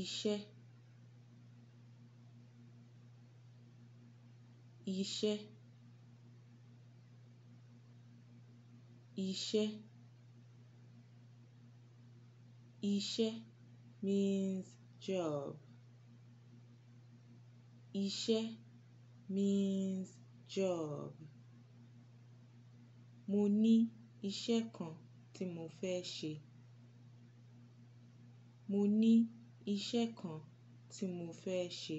iṣẹ́ iṣẹ́ iṣẹ́ iṣẹ́ means job iṣẹ́ means job mo ní iṣẹ́ kan tí mo fẹ́ ṣe mo ní iṣẹ́ kan tí mo fẹ́ ṣe.